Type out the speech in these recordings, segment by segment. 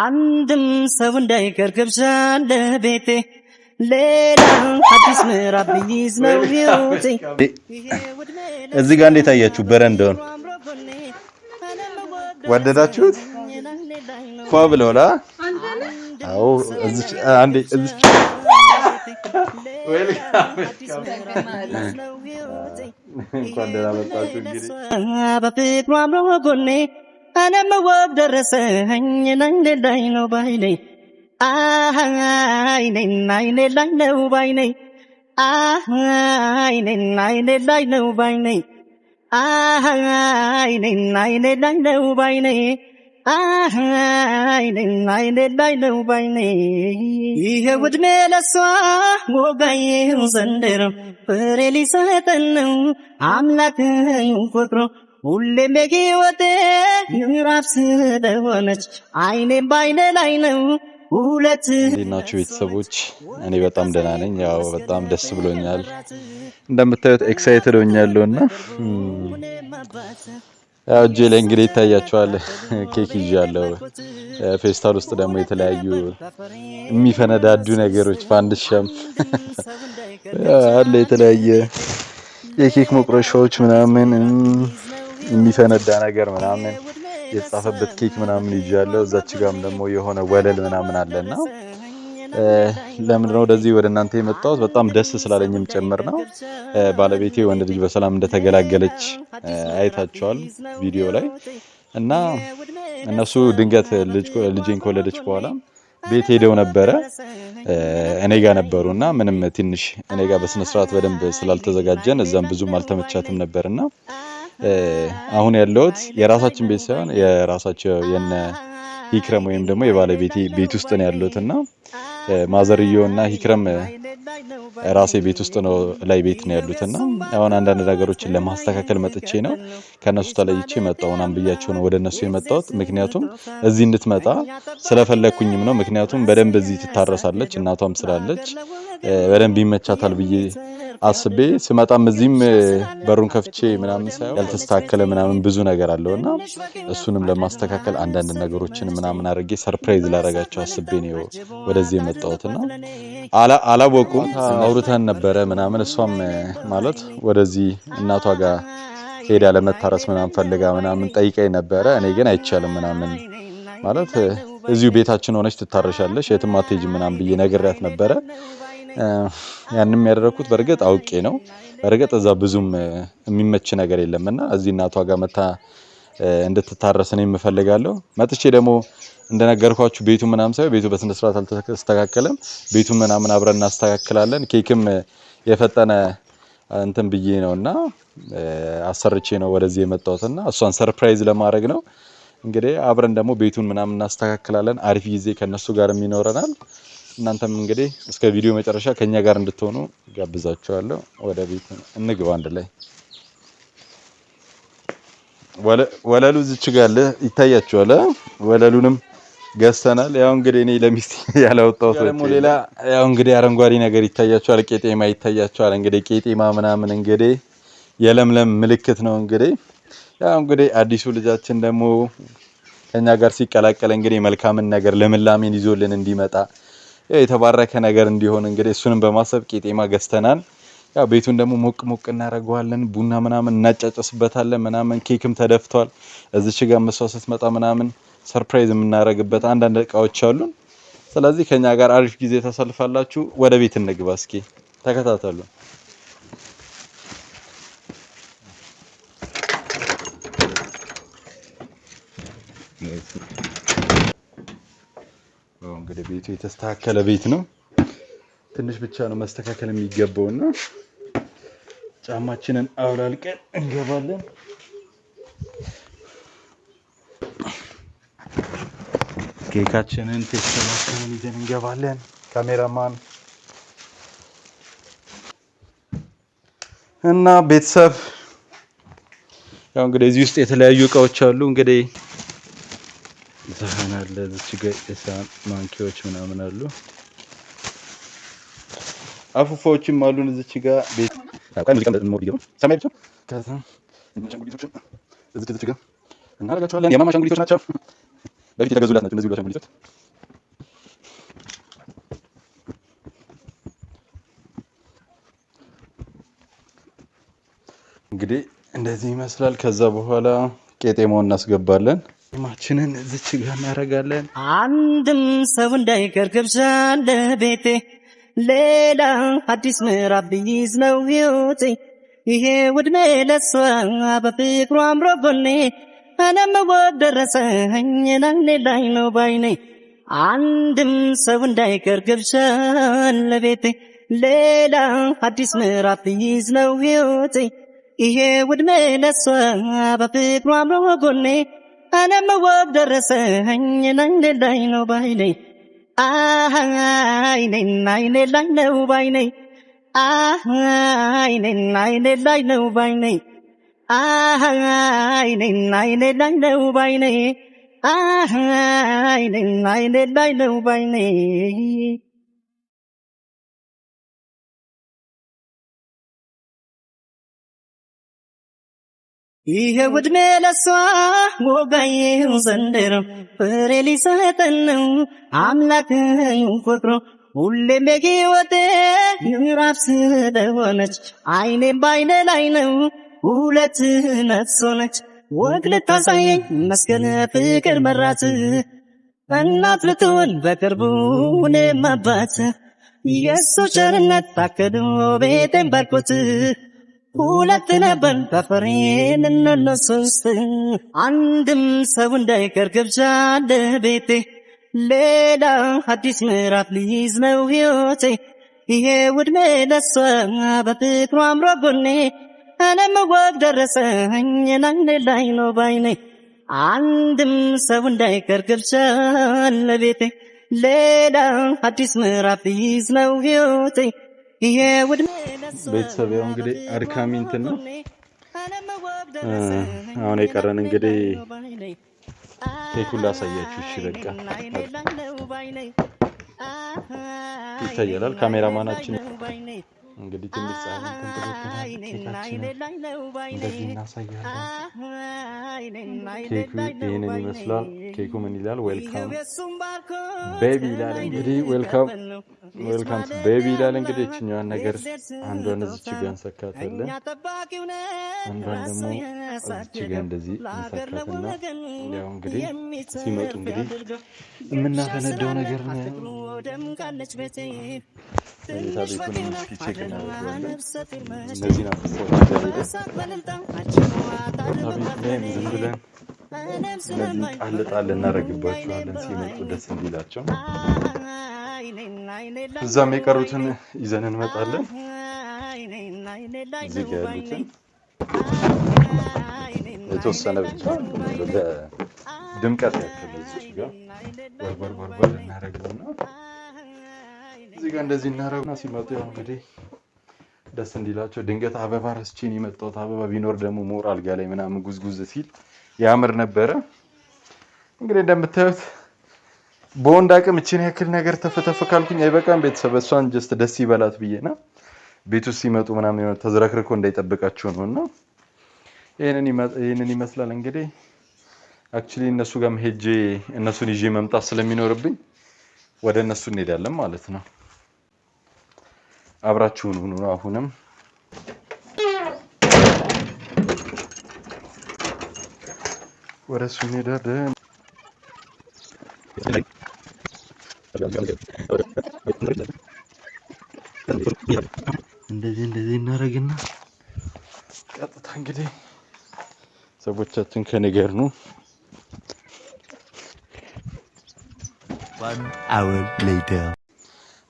አንድም ሰው እንዳይቀር ግብዣ ቤቴ ሌላ አዲስ ምዕራፍ ይዝ ነው ህይወቴ። እዚህ ጋር እንዴት አያችሁ? በረንዳውን ወደዳችሁት? ፏ ብለውላ። አዎ እዚህ አንዴ እዚህ እንኳን ደህና መጣችሁ እንግዲህ አለመወቅ ደረሰኝ አይኔ ላይ ነው ባይኔ አይኔን አይኔ ላይ ነው ባይኔ አይኔን አይኔ ላይ ነው ባይኔ አይኔን አይኔ ላይ ነው ባይኔ አይኔን አይኔ ላይ ነው ባይኔ ይኸው ዕድሜ ለሷ ወጋዬው ዘንድሮ ፍሬ ሊሰጠን ነው አምላክን ቆጥሮ ሁሌም የህይወቴ ምዕራፍ ስለሆነች አይኔም በአይነ ላይ ነው። ሁለት ናቸው ቤተሰቦች። እኔ በጣም ደህና ነኝ። ያው በጣም ደስ ብሎኛል። እንደምታዩት ኤክሳይትድ ሆኛለሁ እና ያው እጄ ላይ እንግዲህ ይታያቸዋል ኬክ ይዣለሁ። ፌስታል ውስጥ ደግሞ የተለያዩ የሚፈነዳዱ ነገሮች ፋንድሻም አለ፣ የተለያየ የኬክ መቁረሻዎች ምናምን የሚፈነዳ ነገር ምናምን የተጻፈበት ኬክ ምናምን ይዣለሁ። እዛች ጋም ደግሞ የሆነ ወለል ምናምን አለና ለምንድን ነው ወደዚህ ወደ እናንተ የመጣሁት? በጣም ደስ ስላለኝም ጭምር ነው። ባለቤቴ ወንድ ልጅ በሰላም እንደተገላገለች አይታችኋል ቪዲዮ ላይ እና እነሱ ድንገት ልጄን ከወለደች በኋላ ቤት ሄደው ነበረ። እኔ ነበሩ እና ምንም ትንሽ እኔ በስነስርዓት በደንብ ስላልተዘጋጀን እዛም ብዙም አልተመቻትም ነበርና አሁን ያለሁት የራሳችን ቤት ሳይሆን የራሳቸው የነ ሂክረም ወይም ደግሞ የባለቤቴ ቤት ውስጥ ነው ያለሁት እና ማዘርዮ እና ሂክረም ራሴ ቤት ውስጥ ነው ላይ ቤት ነው ያሉት እና አሁን አንዳንድ ነገሮችን ለማስተካከል መጥቼ ነው ከእነሱ ተለይቼ መጣሁ ናም ብያቸው ነው ወደ እነሱ የመጣሁት። ምክንያቱም እዚህ እንድትመጣ ስለፈለግኩኝም ነው። ምክንያቱም በደንብ እዚህ ትታረሳለች፣ እናቷም ስላለች በደንብ ይመቻታል ብዬ አስቤ ስመጣም እዚህም በሩን ከፍቼ ምናምን ሳይሆን ያልተስተካከለ ምናምን ብዙ ነገር አለው እና እሱንም ለማስተካከል አንዳንድ ነገሮችን ምናምን አድርጌ ሰርፕራይዝ ላረጋቸው አስቤ ነው ወደዚህ የመጣሁት እና አላወቁም። አውርተን ነበረ ምናምን እሷም ማለት ወደዚህ እናቷ ጋር ሄዳ ለመታረስ ምናምን ፈልጋ ምናምን ጠይቃኝ ነበረ። እኔ ግን አይቻልም ምናምን ማለት እዚሁ ቤታችን ሆነች ትታረሻለች የትም አትሄጂም ምናምን ብዬ ነግሬያት ነበረ። ያንም ያደረኩት በእርግጥ አውቄ ነው። በእርግጥ እዛ ብዙም የሚመች ነገር የለም እና እዚህ እናቷ ጋር መታ እንድትታረስ እኔም የምፈልጋለሁ። መጥቼ ደግሞ እንደነገርኳችሁ ቤቱ ምናምን ሳይሆን ቤቱ በስነ ስርዓት አልተስተካከለም። ቤቱ ምናምን አብረን እናስተካክላለን። ኬክም የፈጠነ እንትን ብዬ ነው እና አሰርቼ ነው ወደዚህ የመጣሁት እና እሷን ሰርፕራይዝ ለማድረግ ነው። እንግዲህ አብረን ደግሞ ቤቱን ምናምን እናስተካክላለን። አሪፍ ጊዜ ከእነሱ ጋርም ይኖረናል። እናንተም እንግዲህ እስከ ቪዲዮ መጨረሻ ከኛ ጋር እንድትሆኑ ጋብዛችኋለሁ። ወደ ቤት እንግባ አንድ ላይ። ወለሉ ዝች ጋር አለ ይታያችኋል። ወለሉንም ገዝተናል። ያው እንግዲህ እኔ ለሚስት ያላወጣሁት ደግሞ ሌላ ያው እንግዲህ አረንጓዴ ነገር ይታያችኋል፣ ቄጤማ ይታያችኋል። እንግዲህ ቄጤማ ምናምን እንግዲህ የለምለም ምልክት ነው። እንግዲህ ያው እንግዲህ አዲሱ ልጃችን ደግሞ ከኛ ጋር ሲቀላቀል እንግዲህ መልካምን ነገር ልምላሜን ይዞልን እንዲመጣ የተባረከ ነገር እንዲሆን እንግዲህ እሱንም በማሰብ ቄጤማ ገዝተናል። ያው ቤቱን ደግሞ ሞቅ ሞቅ እናደርገዋለን። ቡና ምናምን እናጫጨስበታለን ምናምን። ኬክም ተደፍቷል። እዚች ጋር መሷ ስትመጣ ምናምን ሰርፕራይዝ የምናደርግበት አንዳንድ እቃዎች አሉን። ስለዚህ ከኛ ጋር አሪፍ ጊዜ ተሰልፋላችሁ። ወደ ቤት እንግባ እስኪ ተከታተሉ። ቤቱ የተስተካከለ ቤት ነው። ትንሽ ብቻ ነው መስተካከል የሚገባው እና ጫማችንን አውላልቀን እንገባለን። ኬካችንን ቴስተማችንን ይዘን እንገባለን። ካሜራማን እና ቤተሰብ ያው እንግዲህ እዚህ ውስጥ የተለያዩ እቃዎች አሉ እንግዲህ ሳህን አለ። እዚች ጋ የሳህን ማንኪያዎች ምናምን አሉ። አፉፋዎችም አሉን። እዚች ጋ ቤት እናደርጋቸዋለን። የማማ አሻንጉሊቶች ናቸው። በፊት የተገዙላት ናቸው። እነዚህ ሁሉ አሻንጉሊቶች እንግዲህ እንደዚህ ይመስላል። ከዛ በኋላ ቄጤማውን እናስገባለን። ማችንን እዚች ጋር እናደርጋለን። አንድም ሰው እንዳይቀር ገብሻለ ቤቴ ሌላ አዲስ ምዕራፍ ብይዝ ነው ህይወቴ ይሄ ውድሜ ለሷ በፍቅሩ አምሮ ጎኔ እኔም ወደ ደረሰኝ ላይኔ ላይ ነው ባይኔ አንድም ሰው እንዳይቀር ገብሻለ ቤቴ ሌላ አዲስ ምዕራፍ ብይዝ ነው ህይወቴ ይሄ ውድሜ ለሷ በፍቅሩ አምሮ ጎኔ أنا مواب درسهن نين لين وبيني عينين عين لين وبيني عينين عين لين وبيني عينين عين لين وبيني عينين عين لين وبيني ይህ ውድሜ ለሷ ሞጋዬው ዘንድሮ ፍሬ ሊሰጠን ነው አምላክን ሁሌም የሕይወቴ ምዕራፍ ስለሆነች አይኔም በአይነ ላይ ነው ሁለት ነፍስ ሆነች ወግ ልታሳየኝ መስገን ፍቅር መራት እናት ልትሆን በቅርቡ እኔም አባት የእሱ ቸርነት ታክዶ ቤቴን ባርኮት ሁለት ነበር በፍሬን እነነ ሶስት አንድም ሰው እንዳይቀር ገብቻ ለቤቴ ሌላ አዲስ ምዕራፍ ሊይዝ ነው ህይወቴ ይሄ ውድሜ ለሷ በፍቅሩ አምሮ ጎኔ እኔም ወግ ደረሰኝ ናይኔ ላይ ነው ባይኔ አንድም ሰው እንዳይቀር ገብቻ ለቤቴ ሌላ አዲስ ምዕራፍ ሊይዝ ነው ህይወቴ ይሄ ውድሜ ቤተሰብ ያው እንግዲህ አድካሚ እንትን ነው። አሁን የቀረን እንግዲህ ኬኩን ላሳያችሁ። እሺ በቃ ይታያላል። ካሜራማናችን እንግዲህ ትንሽ እናሳያለን። ኬኩ ይህንን ይመስላል። ኬኩ ምን ይላል? ዌልካም ቤቢ ይላል እንግዲህ ዌልካም ዌልካም ቱ ቤቢ ይላል እንግዲህ። እችኛዋን ነገር አንዷን እዚች ጋ እንሰካታለን፣ አንዷን ደግሞ እዚች ጋ እንደዚህ እንሰካትና ያው እንግዲህ ሲመጡ እንግዲህ የምናፈነደው ነገር ነው። እነዚህ ናፍቆች ዛሬ ቤት ዝም ብለን ስለዚህ ጣል ጣል እናደርግባቸዋለን ሲመጡ ደስ እንዲላቸው። እዛም የቀሩትን ይዘን እንመጣለን። እዚህ ጋ ያሉትን የተወሰነ ብቻ ድምቀት ያክል እዚህ ጋ ወርወር ወርወር እናደርገውና እዚህ ጋ እንደዚህ እናደርገውና ሲመጡ ያው እንግዲህ ደስ እንዲላቸው ድንገት አበባ ረስቼን የመጣሁት አበባ ቢኖር ደግሞ ሞር አልጋ ላይ ምናምን ጉዝጉዝ ሲል ያምር ነበረ። እንግዲህ እንደምታዩት በወንድ አቅም እችን ያክል ነገር ተፈተፈ ካልኩኝ አይበቃም። ቤተሰብ እሷን ጀስት ደስ ይበላት ብዬ ነው። ቤቱ ሲመጡ ምናምን የሆነ ተዝረክርኮ እንዳይጠብቃቸው ነው እና ይህንን ይመስላል እንግዲህ አክቹሊ እነሱ ጋር መሄጄ እነሱን ይዤ መምጣት ስለሚኖርብኝ ወደ እነሱ እንሄዳለን ማለት ነው። አብራችሁን ሁኑ አሁንም ወደ እሱ እንሄዳለን። እንደዚህ እንደዚህ እናደርግና ቀጥታ እንግዲህ ሰዎቻችን ከነገር ጋር ነው።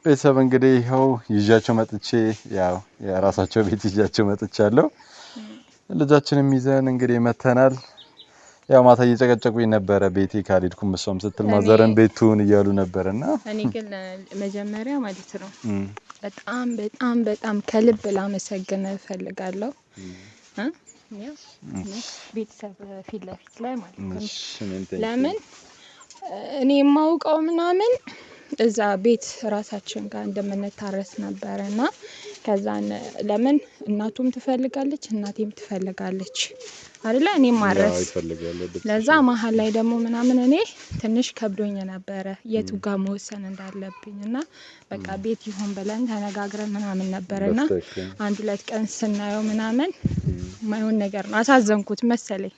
ቤተሰብ እንግዲህ ይኸው ይዣቸው መጥቼ ያው የራሳቸው ቤት ይዣቸው መጥቻለሁ። ልጃችንም ይዘን እንግዲህ መተናል። ያው ማታ እየጨቀጨቁኝ ነበረ ቤቴ ካልሄድኩም እሷም ስትል ማዘረን ቤቱን እያሉ ነበር። እና እኔ ግን መጀመሪያ ማለት ነው በጣም በጣም በጣም ከልብ ላመሰግን እፈልጋለሁ። ቤተሰብ ፊት ለፊት ላይ ማለት ነው ለምን እኔ የማውቀው ምናምን እዛ ቤት ራሳችን ጋር እንደምንታረስ ነበር እና ከዛን ለምን እናቱም ትፈልጋለች እናቴም ትፈልጋለች አይደለ እኔም ማረስ ለዛ መሀል ላይ ደግሞ ምናምን እኔ ትንሽ ከብዶኝ ነበረ የቱ መወሰን እንዳለብኝ እና በቃ ቤት ይሆን ብለን ተነጋግረን ምናምን ነበር እና አንድ ሁለት ቀን ስናየው ምናምን ማይሆን ነገር ነው አሳዘንኩት መሰለኝ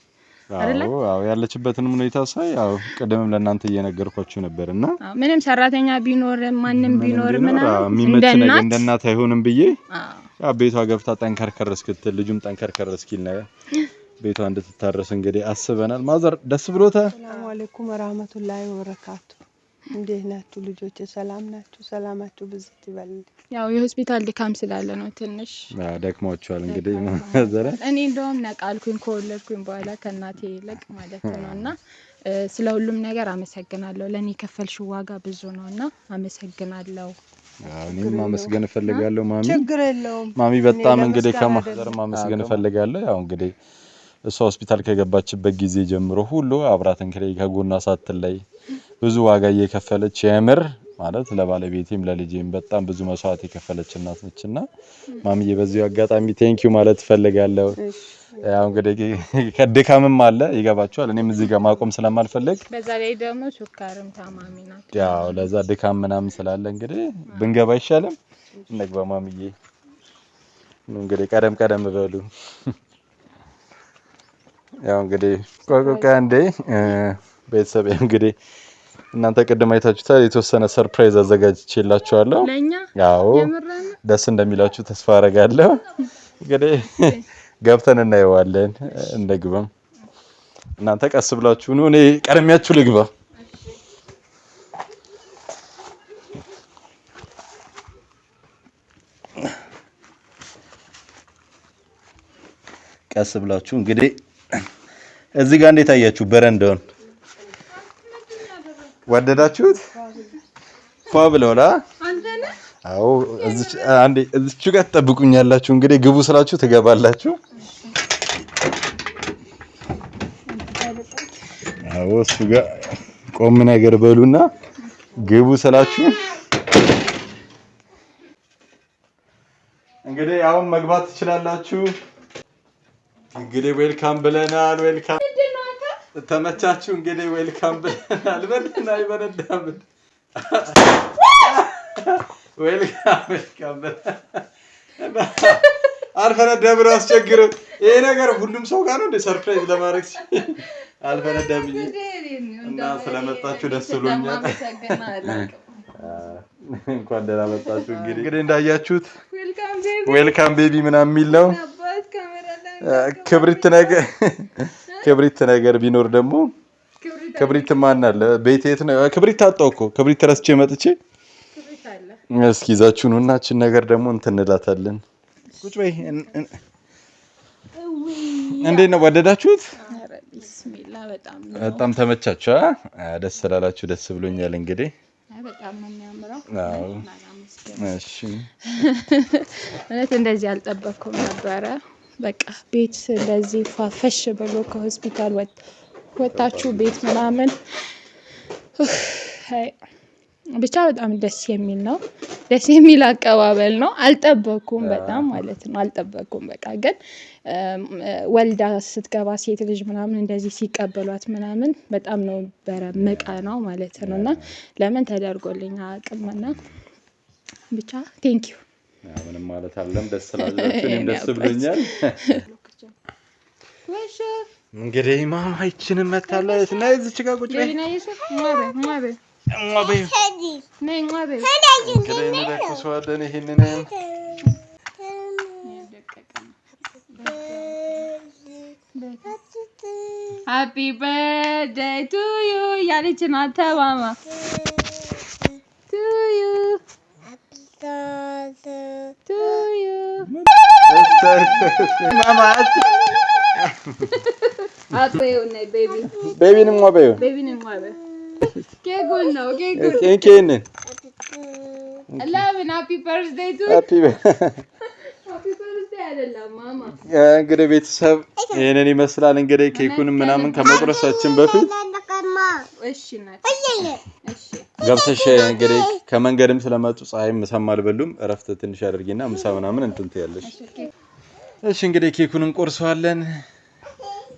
ያለችበትን ሁኔታ ሳይ ያው ቅድምም ለእናንተ እየነገርኳችሁ ነበር እና ምንም ሰራተኛ ቢኖር ማንም ቢኖር ምናምን እንደ እናት አይሆንም ብዬ ቤቷ ገብታ ጠንከርከር እስክትል ልጁም ጠንከርከር እስኪል ነገር ቤቷ እንድትታረስ እንግዲህ አስበናል። ማዘር ደስ ብሎታል። ሰላሙ አለይኩም ወራህመቱላሂ ወበረካቱ እንዴት ናችሁ ልጆች? ሰላም ናችሁ? ሰላማችሁ ብዝት ይበል። ያው የሆስፒታል ድካም ስላለ ነው ትንሽ ደክሟችኋል። እንግዲህ ዘረ እኔ እንደውም ነቃልኩኝ ከወለድኩኝ በኋላ ከእናቴ ይልቅ ማለት ነው። እና ስለ ሁሉም ነገር አመሰግናለሁ። ለእኔ የከፈልሽው ዋጋ ብዙ ነው እና አመሰግናለሁ። እኔም ማመስገን እፈልጋለሁ ማሚ። ችግር የለውም ማሚ። በጣም እንግዲህ ከማዘር ማመስገን እፈልጋለሁ። ያው እንግዲህ እሷ ሆስፒታል ከገባችበት ጊዜ ጀምሮ ሁሉ አብራትን ከጎኗ ሳትለይ ብዙ ዋጋ እየከፈለች የምር ማለት ለባለቤቴም ለልጄም በጣም ብዙ መስዋዕት የከፈለች እናት ነች እና ማምዬ በዚሁ አጋጣሚ ቴንኪዩ ማለት እፈልጋለሁ። ያው እንግዲህ ድካምም አለ ይገባችኋል። እኔም እዚህ ጋር ማቆም ስለማልፈልግ በዛ ላይ ደግሞ ሱካርም ታማሚ ናት። ያው ለዛ ድካም ምናምን ስላለ እንግዲህ ብንገባ አይሻልም? እንግባ ማምዬ። እንግዲህ ቀደም ቀደም በሉ። ያው እንግዲህ ቆቆቃ እንዴ ቤተሰብ እንግዲህ እናንተ ቅድም አይታችሁታል። የተወሰነ ሰርፕራይዝ አዘጋጅቼላችኋለሁ። አዎ ደስ እንደሚላችሁ ተስፋ አደርጋለሁ። እንግዲህ ገብተን እናየዋለን። እንደግባም እናንተ ቀስ ብላችሁ ነው፣ እኔ ቀድሚያችሁ ልግባ። ቀስ ብላችሁ እንግዲህ እዚህ ጋር እንዴት አያችሁ በረንዳውን ወደዳችሁት? ፏ ብለውላ። አዎ እዚች አንዴ እዚች ጋር ትጠብቁኛላችሁ። እንግዲህ ግቡ ስላችሁ ትገባላችሁ። አዎ እሱ ጋር ቆም ነገር በሉና ግቡ ስላችሁ እንግዲህ አሁን መግባት ትችላላችሁ። እንግዲህ ዌልካም ብለናል። ዌልካም ተመቻችሁ እንግዲህ ዌልካም ብለናል። በልና ይበረዳምን ዌልካም ዌልካም አልፈነዳም ብለው አስቸግረ ይሄ ነገር ሁሉም ሰው ጋር ነው እንደ ሰርፕራይዝ ለማድረግ አልፈነዳም እና ስለመጣችሁ ደስ ብሎኛል። እንኳን ደህና መጣችሁ። እንግዲህ እንግዲህ እንዳያችሁት ዌልካም ቤቢ ምናምን የሚል ነው ክብሪት ነገር ክብሪት ነገር ቢኖር ደግሞ ክብሪት ማን አለ? ቤት የት ነው? ክብሪት አጣሁ እኮ ክብሪት ረስቼ መጥቼ። እስኪ ይዛችሁ ኑ ነገር ደግሞ እንትን እንላታለን። ቁጭ በይ። እንዴት ነው ወደዳችሁት? በጣም ተመቻችሁ? ደስ ስላላችሁ ደስ ብሎኛል። እንግዲህ እውነት እንደዚህ አልጠበኩም ነበረ። በቃ ቤት እንደዚህ ፏፈሽ ብሎ ከሆስፒታል ወጣችሁ ቤት ምናምን ብቻ በጣም ደስ የሚል ነው። ደስ የሚል አቀባበል ነው። አልጠበኩም በጣም ማለት ነው አልጠበኩም። በቃ ግን ወልዳ ስትገባ ሴት ልጅ ምናምን እንደዚህ ሲቀበሏት ምናምን በጣም ነው በረመቀ ነው ማለት ነው እና ለምን ተደርጎልኝ አቅምና ብቻ ቴንኪዩ ምንም ማለት አለም። ደስ ስላላችሁ እኔም ደስ ብሎኛል። እንግዲህ ማማይችንን መታለች እና እዚች ጋ ቁጭ በይ እንግዲህ እንደክሰዋለን ይህንንም ሃፒ በርደይ ቱዩ ያለችን አተማማ ቱዩ to ቤቢንም ዋበዩ ኬኩን ነው ኬኩን እንግዲህ ቤተሰብ ይህንን ይመስላል። እንግዲህ ኬኩን ምናምን ከመቁረሳችን በፊት ገብተሽ እንግዲህ ከመንገድም ስለመጡ ፀሐይ ምሳም አልበሉም። እረፍት ትንሽ አድርጊና ምሳ ምናምን እንትን ትያለሽ። እሺ እንግዲህ ኬኩን እንቆርሰዋለን።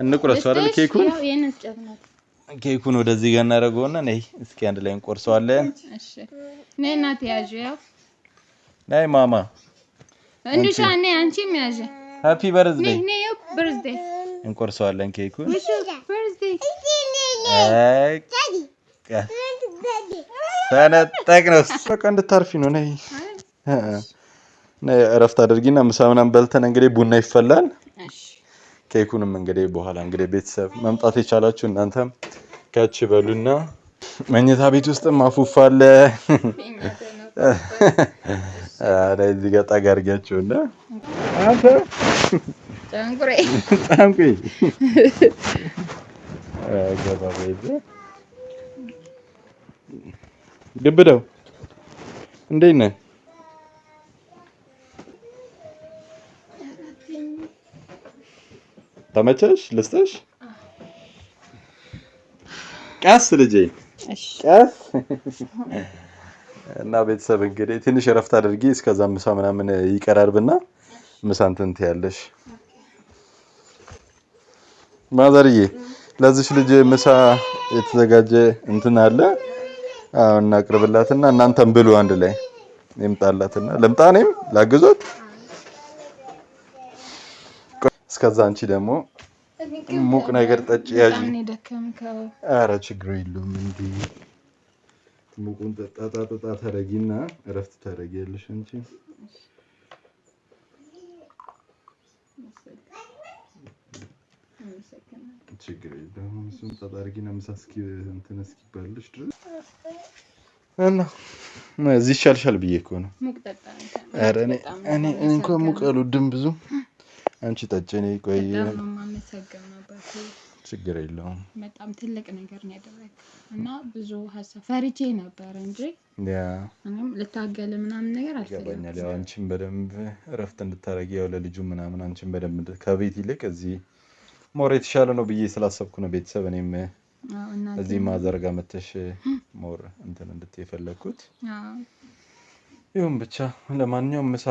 እንቁረሱ አይደል? ኬኩን ኬኩን ወደዚህ ጋር እናደርገውና ነይ እስኪ አንድ ላይ እንቆርሰዋለን። እሺ ነይ እናቴ ያዥ፣ ያው ነይ ማማ እንዱሻ ነይ አንቺም ያዥ። ሃፒ በርዝዴ ነይ ነይ፣ እንቆርሰዋለን ኬኩን ፈነጠቅ ነው። በቃ እንድታርፊ ነው። ነይ ነይ፣ እረፍት አድርጊና ምሳ ምናምን በልተን እንግዲህ ቡና ይፈላል። ኬኩንም እንግዲህ በኋላ እንግዲህ ቤተሰብ መምጣት የቻላችሁ እናንተም ከች በሉና መኝታ ቤት ውስጥ አፉፍ አለ። እዚህ ጋር ጠጋ አድርጊያቸውና አንተ ጫንቁሬ ጫንቁሬ ገባ በይልኝ ግብደው እንዴት ነህ? ተመቸሽ? ልስጥሽ? ቀስ ልጄ ቀስ። እና ቤተሰብ እንግዲህ ትንሽ እረፍት አድርጊ፣ እስከዛ ምሳ ምናምን ይቀራርብና ምሳ እንትን ትያለሽ ማዘርዬ ለዚች ልጅ ምሳ የተዘጋጀ እንትን አለ። አሁን እናቅርብላትና እናንተም ብሉ አንድ ላይ ይምጣላትና ልምጣ እኔም ላግዞት። እስከዛ አንቺ ደግሞ ሙቅ ነገር ጠጪ ያጂ። አረ ችግር የለውም እንዲህ ሙቁን ጠጣ ጠጣ ታረጊና እረፍት አንቺ። ችግር የለም። እሱን ምሳ እስኪ እንትን ድረስ እና እዚህ ይሻልሻል ብዬ እኮ ነው። እኔ እንኳን ሙቀሉ ድም ብዙ አንቺ እኔ ቆይ። ችግር የለውም። በጣም ትልቅ ነገር ነው እና ብዙ ሀሳብ ፈርቼ ነበር እንጂ ልታገል ምናምን ነገር አልገባኛል። ያው አንቺን በደንብ እረፍት እንድታረጊ ያው ለልጁ ምናምን አንቺን በደንብ ከቤት ይልቅ እዚህ ሞር የተሻለ ነው ብዬ ስላሰብኩ ነው ቤተሰብ እኔም እዚህ ማዘርጋ መተሽ ሞር እንትን እንድት የፈለግኩት ይሁን ብቻ። ለማንኛውም ምሳ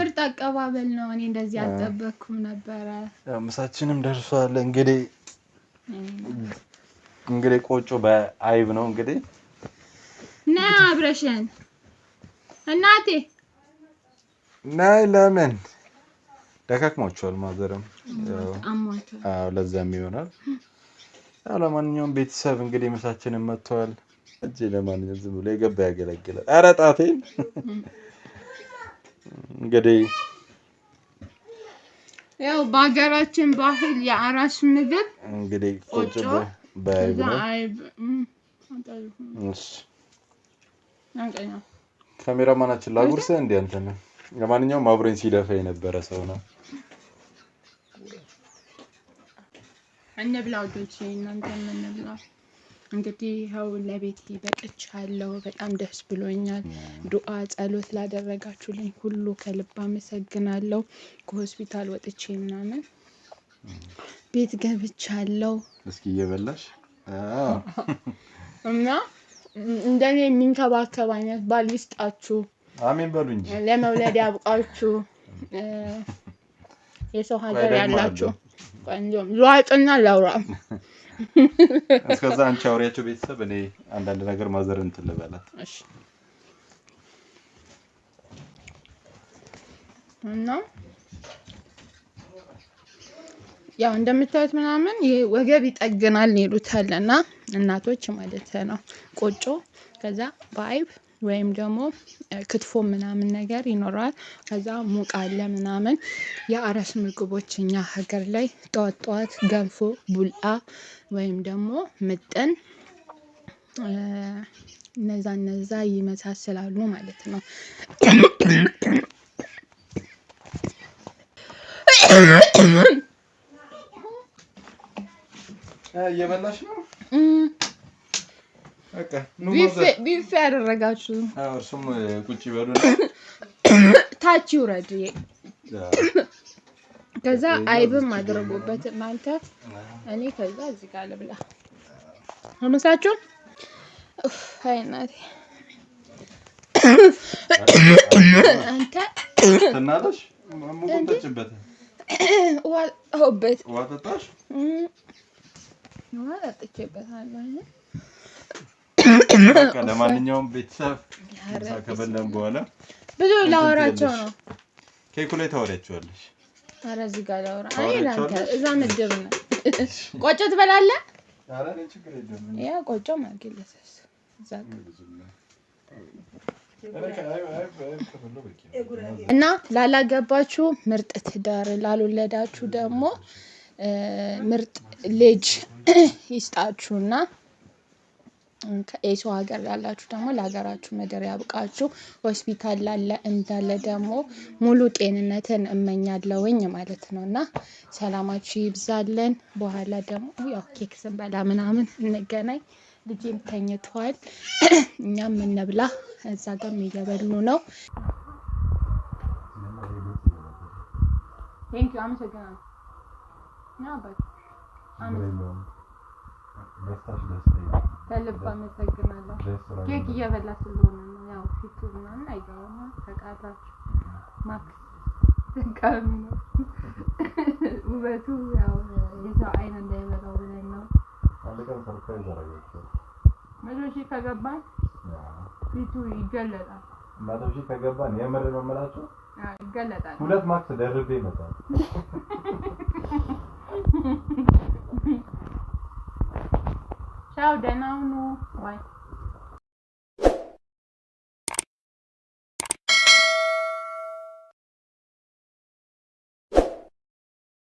ምርጥ አቀባበል ነው። እኔ እንደዚህ አልጠበቅኩም ነበረ። ምሳችንም ደርሷል። እንግዲህ እንግዲህ ቆጮ በአይብ ነው እንግዲህ ና አብረሽን እናቴ ናይ ለምን ደካክሟቸዋል። ማዘርም ለዛም ይሆናል። ለማንኛውም ቤተሰብ እንግዲህ ምሳችንን መጥተዋል። እጅ ለማንኛውም ዝም ብሎ የገባ ያገለግላል። ኧረ ጣቴን እንግዲህ ያው በሀገራችን ባህል የአራስ ምግብ እንግዲህ ቁጭ ካሜራማናችን ላጉርሰ እንዲ አንተነ ለማንኛውም አብሮኝ ሲደፋ የነበረ ሰው ነው። እንብላ ወዶች፣ እናንተ እንብላ። እንግዲህ ይኸው ለቤቴ በቅቻለሁ። በጣም ደስ ብሎኛል። ዱዓ ጸሎት ላደረጋችሁልኝ ሁሉ ከልብ አመሰግናለሁ። ከሆስፒታል ወጥቼ ምናምን ቤት ገብቻለሁ። እስኪ እየበላሽ እና እንደኔ የሚንከባከብ አይነት ባል ይስጣችሁ። አሜን በሉ እንጂ ለመውለድ ያብቃችሁ። የሰው ሀገር ያላችሁ ቆንጆም ለዋጥና ላውራ እስከዛ አንቺ አውሪያቸው ቤተሰብ፣ እኔ አንዳንድ ነገር ማዘር እንትን ልበላት እና ያው እንደምታዩት ምናምን ይሄ ወገብ ይጠግናል ይሉታል እና እናቶች ማለት ነው። ቆጮ ከዛ በአይብ ወይም ደግሞ ክትፎ ምናምን ነገር ይኖረዋል። ከዛ ሙቅ አለ ምናምን የአረስ ምግቦች እኛ ሀገር ላይ ጠዋት ጠዋት ገንፎ ቡላ ወይም ደግሞ ምጥን እነዛ እነዛ ይመሳሰላሉ ማለት ነው። እየበላሽ ነው ቢፌ ያደረጋችሁ እሱም ቁጭ በሉ ታች ይውረድ። ከዛ አይብም አድርጉበት እኔ ከዛ እዚህ ጋር ልብላ አይናቴ አንተ ትናለሽ ሙቁጠጭበት ዋጠጣሽ ለማንኛውም ቤተሰብ ምሳ ከበላን በኋላ ብዙ ላወራቸው ነው። ኬኩ ላይ ታወሪያቸዋለሽ። ኧረ እዚህ ጋር ላወራ እዛ ምድብ ነው። ቆጮ ትበላለህ? ያ ቆጮ እና ላላገባችሁ ምርጥ ትዳር ላልወለዳችሁ ደግሞ ምርጥ ልጅ ይስጣችሁና የሰው ሀገር ላላችሁ ደግሞ ለሀገራችሁ ምድር ያብቃችሁ። ሆስፒታል ላለ እንዳለ ደግሞ ሙሉ ጤንነትን እመኛለውኝ ማለት ነው እና ሰላማችሁ ይብዛለን። በኋላ ደግሞ ያው ኬክ ስንበላ ምናምን እንገናኝ። ልጅም ተኝተዋል፣ እኛም እንብላ። እዛ ጋም እየበሉ ነው። አመሰግናለሁ። ከልብ አመሰግናለሁ። ኬክ እየበላት ስለሆነ ነው ያው ፊቱ ምናምን አይገባም። ተቃራችሁ ማክስ ድንቃሚ ነው ውበቱ ያው የሰው አይን እንዳይበላው ብለን ነው መቶ ሺህ ከገባን ፊቱ ይገለጣል። መቶ ሺህ ከገባን የምር ነው የምላቸው ይገለጣል። ሁለት ማክስ ደርቤ ይመጣል። Child, they now know why.